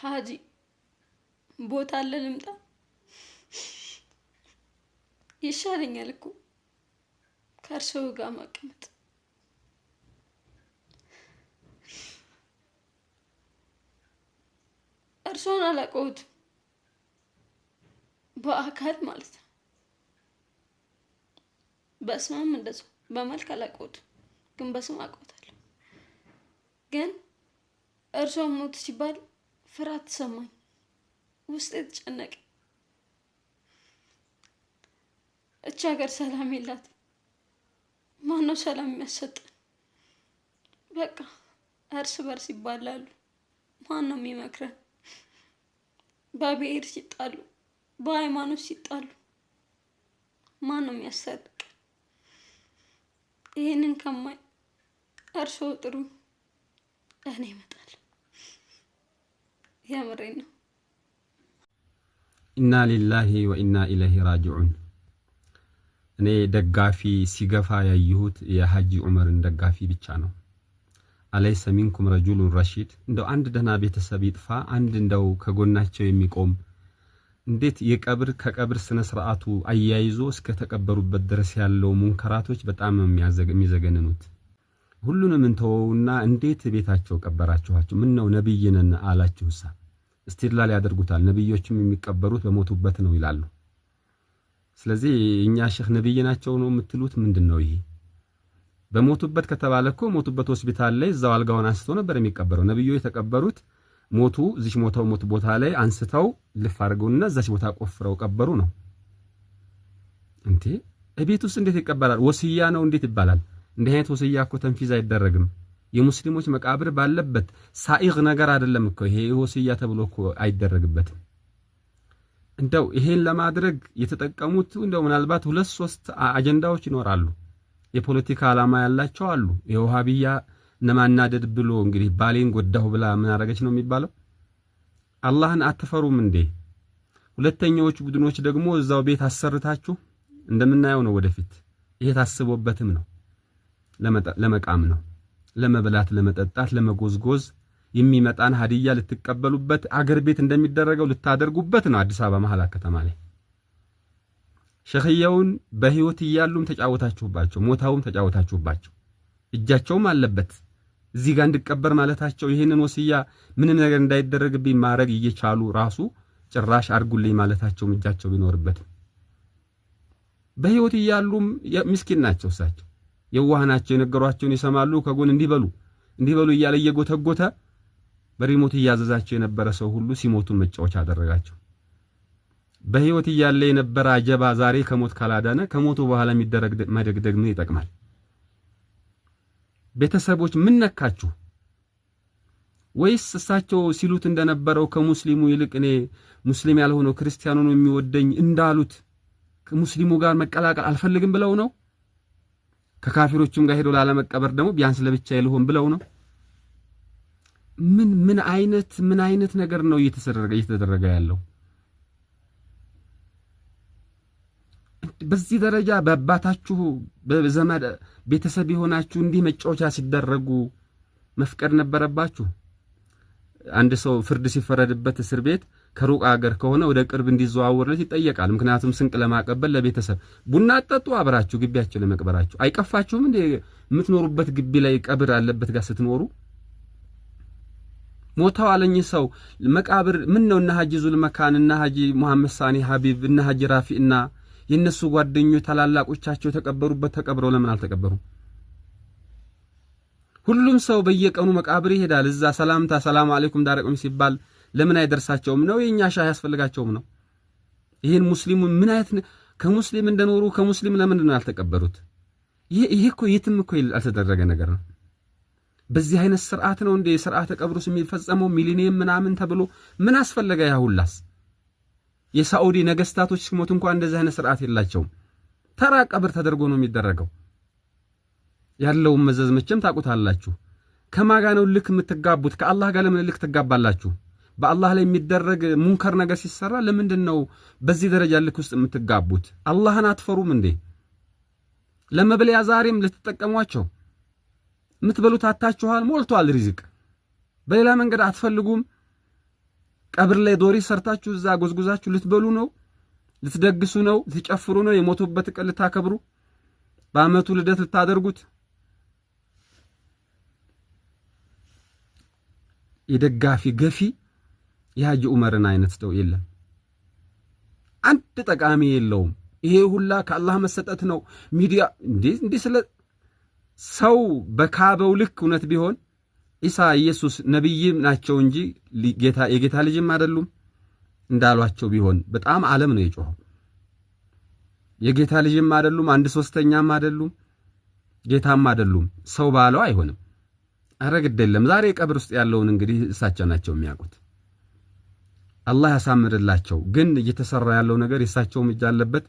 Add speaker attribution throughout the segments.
Speaker 1: ሀጂ ቦታ አለ ልምጣ? ይሻለኛል እኮ ከእርስዎ ጋር ማቀመጥ። እርሶን አላቀውት በአካል ማለት ነው። በስማም እንደዚያው በመልክ አላቀውት፣ ግን በስም አውቀውታለሁ። ግን እርሶ ሞት ሲባል ፍርሃት ተሰማኝ፣ ውስጥ የተጨነቀ እች ሀገር ሰላም የላት። ማነው ሰላም የሚያሰጠን? በቃ እርስ በርስ ይባላሉ። ማን ነው የሚመክረን? በብሔር ሲጣሉ፣ በሃይማኖት ሲጣሉ ማን ነው የሚያስታርቅ? ይህንን ከማይ እርስዎ ጥሩ፣ እኔ እመጣለሁ። የምሬ ነው።
Speaker 2: ኢና ሊላሂ ወኢና ኢለይሂ ራጅዑን እኔ ደጋፊ ሲገፋ ያየሁት የሐጂ ዑመርን ደጋፊ ብቻ ነው። አለይሰ ሚንኩም ረጁሉን ረሺድ። እንደው አንድ ደህና ቤተሰብ ይጥፋ፣ አንድ እንደው ከጎናቸው የሚቆም እንዴት የቀብር ከቀብር ስነ ስርዓቱ አያይዞ እስከ ተቀበሩበት ድረስ ያለው ሙንከራቶች በጣም የሚዘገንኑት ሁሉንም እንተወውና እንዴት ቤታቸው ቀበራችኋቸው? ምን ነው ነቢይንን አላችሁሳ? እስቲድላል ያደርጉታል። ነቢዮችም የሚቀበሩት በሞቱበት ነው ይላሉ። ስለዚህ እኛ ሼህ ነቢይ ናቸው ነው የምትሉት? ምንድን ነው ይሄ? በሞቱበት ከተባለ እኮ ሞቱበት ሆስፒታል ላይ እዛው አልጋውን አንስቶ ነበር የሚቀበረው። ነቢዩ የተቀበሩት ሞቱ፣ እዚች ሞተው ሞት ቦታ ላይ አንስተው ልፍ አድርገውና እዛች ቦታ ቆፍረው ቀበሩ ነው እንዴ። እቤት ውስጥ እንዴት ይቀበራል? ወስያ ነው እንዴት ይባላል? እንዲህ አይነት ወስያ እኮ ተንፊዝ አይደረግም። የሙስሊሞች መቃብር ባለበት ሳኢግ ነገር አይደለም እኮ ይሄ ወስያ ተብሎ እኮ አይደረግበትም። እንደው ይሄን ለማድረግ የተጠቀሙት እንደው ምናልባት ሁለት ሶስት አጀንዳዎች ይኖራሉ። የፖለቲካ ዓላማ ያላቸው አሉ። የውሃብያ ነማናደድ ብሎ እንግዲህ ባሌን ጎዳሁ ብላ ምን አደረገች ነው የሚባለው። አላህን አትፈሩም እንዴ? ሁለተኛዎቹ ቡድኖች ደግሞ እዛው ቤት አሰርታችሁ እንደምናየው ነው። ወደፊት ይሄ ታስቦበትም ነው። ለመቃም ነው። ለመብላት፣ ለመጠጣት፣ ለመጎዝጎዝ የሚመጣን ሀዲያ ልትቀበሉበት አገር ቤት እንደሚደረገው ልታደርጉበት ነው። አዲስ አበባ መሀል ከተማ ላይ ሸኽየውን በህይወት እያሉም ተጫወታችሁባቸው፣ ሞታውም ተጫወታችሁባቸው። እጃቸውም አለበት እዚህ ጋር እንድቀበር ማለታቸው ይህንን ወስያ ምንም ነገር እንዳይደረግብኝ ማድረግ እየቻሉ ራሱ ጭራሽ አድርጉልኝ ማለታቸውም እጃቸው ቢኖርበትም በህይወት እያሉም ምስኪን ናቸው እሳቸው። የዋህ ናቸው፣ የነገሯቸውን ይሰማሉ። ከጎን እንዲበሉ እንዲበሉ እያለ እየጎተጎተ በሪሞት እያዘዛቸው የነበረ ሰው ሁሉ ሲሞቱን መጫወቻ አደረጋቸው። በህይወት እያለ የነበረ አጀባ ዛሬ ከሞት ካላዳነ ከሞቱ በኋላ የሚደረግ መደግደግ ምን ይጠቅማል? ቤተሰቦች ምን ነካችሁ? ወይስ እሳቸው ሲሉት እንደነበረው ከሙስሊሙ ይልቅ እኔ ሙስሊም ያልሆነው ክርስቲያኑ ነው የሚወደኝ እንዳሉት ከሙስሊሙ ጋር መቀላቀል አልፈልግም ብለው ነው? ከካፊሮቹም ጋር ሄዶ ላለመቀበር ደግሞ ቢያንስ ለብቻ ልሆን ብለው ነው። ምን ምን አይነት ምን አይነት ነገር ነው እየተሰረገ እየተደረገ ያለው? በዚህ ደረጃ በአባታችሁ በዘመድ ቤተሰብ የሆናችሁ እንዲህ መጫወቻ ሲደረጉ መፍቀድ ነበረባችሁ። አንድ ሰው ፍርድ ሲፈረድበት እስር ቤት ከሩቅ አገር ከሆነ ወደ ቅርብ እንዲዘዋወርለት ይጠየቃል። ምክንያቱም ስንቅ ለማቀበል ለቤተሰብ ቡና ጠጡ፣ አብራችሁ ግቢያችሁ ለመቅበራችሁ አይቀፋችሁም? እንዴ? የምትኖሩበት ግቢ ላይ ቀብር አለበት ጋር ስትኖሩ ሞታው አለኝ ሰው መቃብር ምን ነው እና ሀጂ ዙልመካን እና ሀጂ ሙሐመድ ሳኒ ሀቢብ እና ሀጂ ራፊ እና የእነሱ ጓደኞች ታላላቆቻቸው የተቀበሩበት ተቀብረው ለምን አልተቀበሩም? ሁሉም ሰው በየቀኑ መቃብር ይሄዳል። እዛ ሰላምታ ሰላም አለይኩም ዳረቀም ሲባል ለምን አይደርሳቸውም ነው? የእኛ ሻህ አያስፈልጋቸውም ነው? ይህን ሙስሊሙ ምን አይነት ከሙስሊም እንደኖሩ ከሙስሊም ለምንድን ነው ያልተቀበሉት? ይሄ እኮ የትም እኮ ያልተደረገ ነገር ነው። በዚህ አይነት ስርዓት ነው እንደ ስርዓተ ቀብሩስ የሚፈጸመው ሚሊኒየም ምናምን ተብሎ ምን አስፈለገ? ያሁላስ የሳዑዲ ነገስታቶች ሲሞት እንኳን እንደዚህ አይነት ስርዓት የላቸውም። ተራ ቀብር ተደርጎ ነው የሚደረገው። ያለውን መዘዝ መቼም ታውቁታላችሁ። ከማጋ ነው ልክ የምትጋቡት? ከአላህ ጋር ለምን ልክ ትጋባላችሁ? በአላህ ላይ የሚደረግ ሙንከር ነገር ሲሰራ ለምንድን ነው በዚህ ደረጃ ልክ ውስጥ የምትጋቡት? አላህን አትፈሩም እንዴ? ለመብለያ ዛሬም ልትጠቀሟቸው የምትበሉት አታችኋል፣ ሞልቷል ሪዝቅ። በሌላ መንገድ አትፈልጉም። ቀብር ላይ ዶሪ ሰርታችሁ እዛ ጎዝጉዛችሁ ልትበሉ ነው፣ ልትደግሱ ነው፣ ልትጨፍሩ ነው፣ የሞቱበት ቀን ልታከብሩ፣ በአመቱ ልደት ልታደርጉት የደጋፊ ገፊ የሐጂ ዑመርን አይነት ሰው የለም። አንድ ጠቃሚ የለውም። ይሄ ሁላ ከአላህ መሰጠት ነው። ሚዲያ እንዲህ ስለ ሰው በካበው ልክ እውነት ቢሆን ኢሳ ኢየሱስ ነቢይም ናቸው እንጂ የጌታ ልጅም አይደሉም እንዳሏቸው ቢሆን በጣም ዓለም ነው የጮኸው። የጌታ ልጅም አይደሉም፣ አንድ ሶስተኛም አይደሉም፣ ጌታም አይደሉም። ሰው ባለው አይሆንም። አረ ግድ የለም። ዛሬ ቀብር ውስጥ ያለውን እንግዲህ እሳቸው ናቸው የሚያውቁት። አላህ ያሳምርላቸው። ግን እየተሰራ ያለው ነገር የእሳቸውም እጅ አለበት።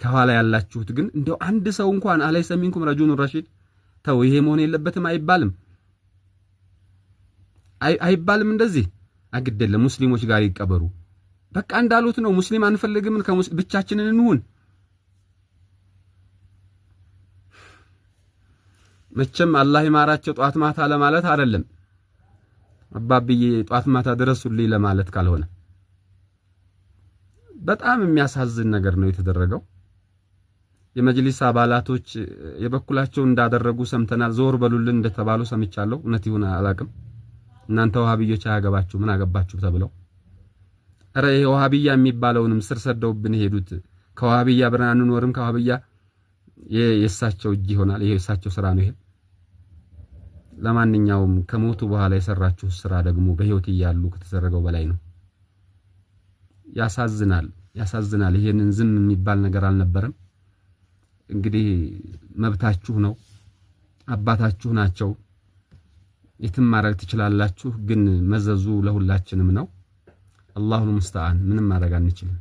Speaker 2: ከኋላ ያላችሁት ግን እንደው አንድ ሰው እንኳን አለይሰ ሚንኩም ረጁሉን ረሺድ ተው፣ ይሄ መሆን የለበትም አይባልም፣ አይባልም። እንደዚህ አግደለ ሙስሊሞች ጋር ይቀበሩ። በቃ እንዳሉት ነው። ሙስሊም አንፈልግም፣ ብቻችንን እንሁን። መቼም አላህ ይማራቸው ጧት ማታ ለማለት አይደለም አባብዬ ጧት ማታ ድረሱልኝ ለማለት ካልሆነ በጣም የሚያሳዝን ነገር ነው የተደረገው። የመጅሊስ አባላቶች የበኩላቸው እንዳደረጉ ሰምተናል። ዞር በሉልን እንደተባሉ ሰምቻለሁ። እውነት ይሁን አላቅም። እናንተ ውሃብዮች አያገባችሁ ምን አገባችሁ ተብለው ረ ይሄ ውሃብያ የሚባለውንም ስር ሰደውብን ሄዱት። ከውሃብያ ብረን አንኖርም ከውሃብያ የእሳቸው እጅ ይሆናል። ይሄ የእሳቸው ስራ ነው። ይሄ ለማንኛውም ከሞቱ በኋላ የሰራችሁ ስራ ደግሞ በህይወት እያሉ ከተሰረገው በላይ ነው። ያሳዝናል፣ ያሳዝናል። ይሄንን ዝም የሚባል ነገር አልነበረም። እንግዲህ መብታችሁ ነው፣ አባታችሁ ናቸው። የትም ማድረግ ትችላላችሁ፣ ግን መዘዙ ለሁላችንም ነው። አላሁል ሙስተዓን ምንም ማድረግ አንችልም።